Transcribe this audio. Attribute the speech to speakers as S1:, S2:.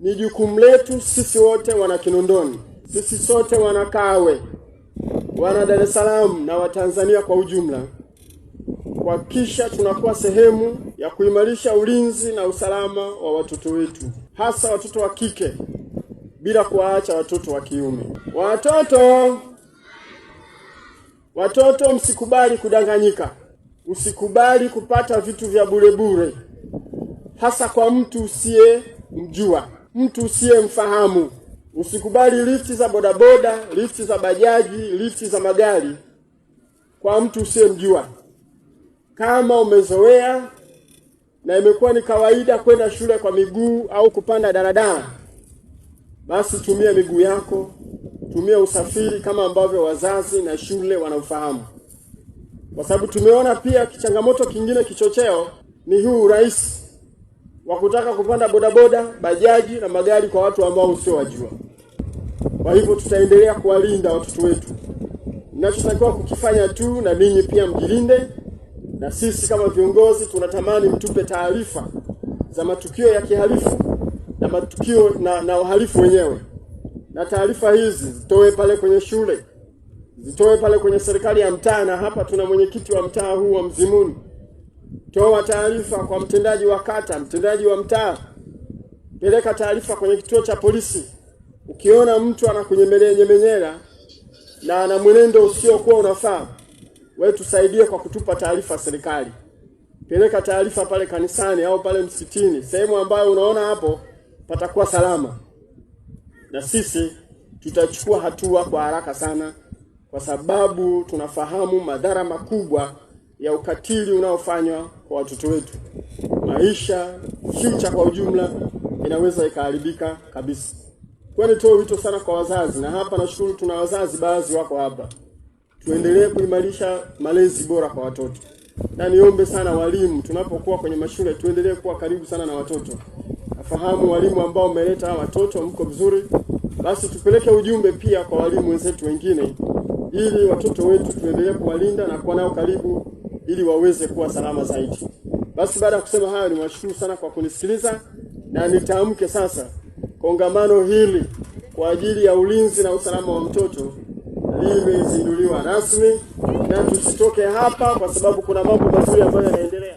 S1: Ni jukumu letu sisi wote wana Kinondoni, sisi sote wana Kawe, wana Dar es Salaam na Watanzania kwa ujumla kuhakikisha tunakuwa sehemu ya kuimarisha ulinzi na usalama wa watoto wetu, hasa watoto wa kike, bila kuwaacha watoto wa kiume. Watoto, watoto, msikubali kudanganyika, usikubali kupata vitu vya bure bure, hasa kwa mtu usiye mjua mtu usiyemfahamu. Usikubali lifti za bodaboda, lifti za bajaji, lifti za magari kwa mtu usiyemjua. Kama umezoea na imekuwa ni kawaida kwenda shule kwa miguu au kupanda daladala, basi tumia miguu yako, tumia usafiri kama ambavyo wazazi na shule wanaofahamu kwa sababu tumeona pia changamoto kingine kichocheo ni huu urahisi wa kutaka kupanda bodaboda, bajaji na magari kwa watu ambao usiowajua. Kwa hivyo tutaendelea kuwalinda watoto wetu. Ninachotakiwa kukifanya tu, na ninyi pia mjilinde, na sisi kama viongozi tunatamani mtupe taarifa za matukio ya kihalifu na matukio na, na uhalifu wenyewe, na taarifa hizi zitoe pale kwenye shule, zitoe pale kwenye serikali ya mtaa, na hapa tuna mwenyekiti wa mtaa huu wa Mzimuni toa taarifa kwa mtendaji wa kata, mtendaji wa mtaa, peleka taarifa kwenye kituo cha polisi. Ukiona mtu anakunyemelea nyemenyela na ana mwenendo usiokuwa unafaa, wewe tusaidie kwa kutupa taarifa serikali. Peleka taarifa pale kanisani au pale msikitini, sehemu ambayo unaona hapo patakuwa salama, na sisi tutachukua hatua kwa haraka sana, kwa sababu tunafahamu madhara makubwa ya ukatili unaofanywa kwa watoto wetu, maisha future kwa ujumla inaweza ikaharibika kabisa. Kwa nitoe wito sana kwa wazazi, na hapa nashukuru tuna wazazi baadhi wako hapa, tuendelee kuimarisha malezi bora kwa watoto, na niombe sana walimu, tunapokuwa kwenye mashule tuendelee kuwa karibu sana na watoto. Nafahamu walimu ambao mmeleta watoto mko vizuri, basi tupeleke ujumbe pia kwa walimu wenzetu wengine, ili watoto wetu tuendelee kuwalinda na kuwa nao karibu ili waweze kuwa salama zaidi. Basi baada ya kusema hayo, niwashukuru sana kwa kunisikiliza na nitamke sasa kongamano hili kwa ajili ya ulinzi na usalama wa mtoto limezinduliwa rasmi, na tusitoke hapa, kwa sababu kuna mambo mazuri ambayo yanaendelea.